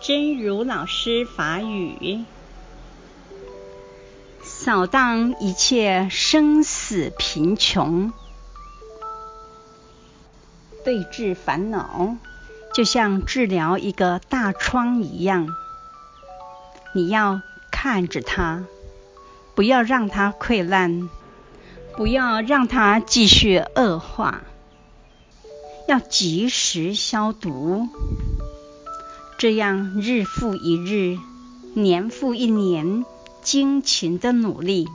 真如老師法語，掃蕩一切生死貧窮，對治煩惱，就像治療一個大瘡一樣，你要看着它，不要讓它潰爛，不要讓它繼續惡化，要及時消毒。這樣日復一日，年復一年，精勤地努力，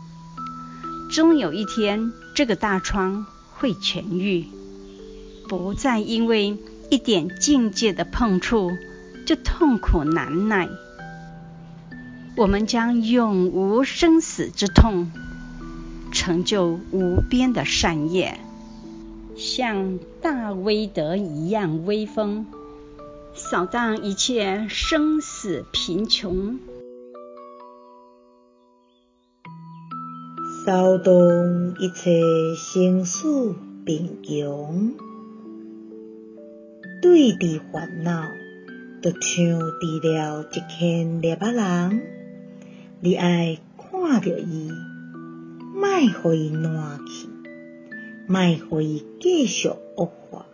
終有一天，這個大瘡會痊癒，不再因為一點境界的碰觸就痛苦難耐。我們將永無生死之痛，成就無邊的善業，像大威德一樣威風。掃蕩一切生死貧窮，掃蕩一切生死貧窮。對治煩惱，就像治療一個大瘡，你愛看著伊，莫予伊爛去，莫予伊繼續惡化。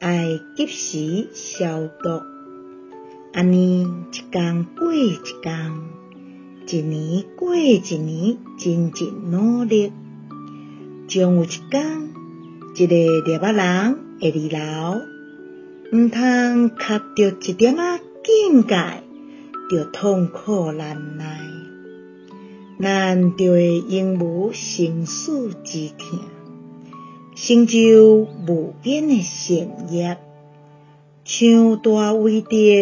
愛及時消毒，安尼一天過一天，一年過一年，真真努力。終有一天，一個獵物人會老，唔通吸到一點仔境界，就痛苦難耐，咱就會永無生死之痛。成就無邊的善業，像大威德一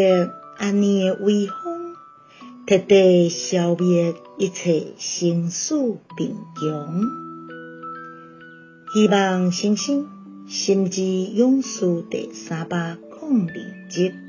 樣的威風，徹底消滅一切生死貧窮，希望新生心之勇士第三百零二講。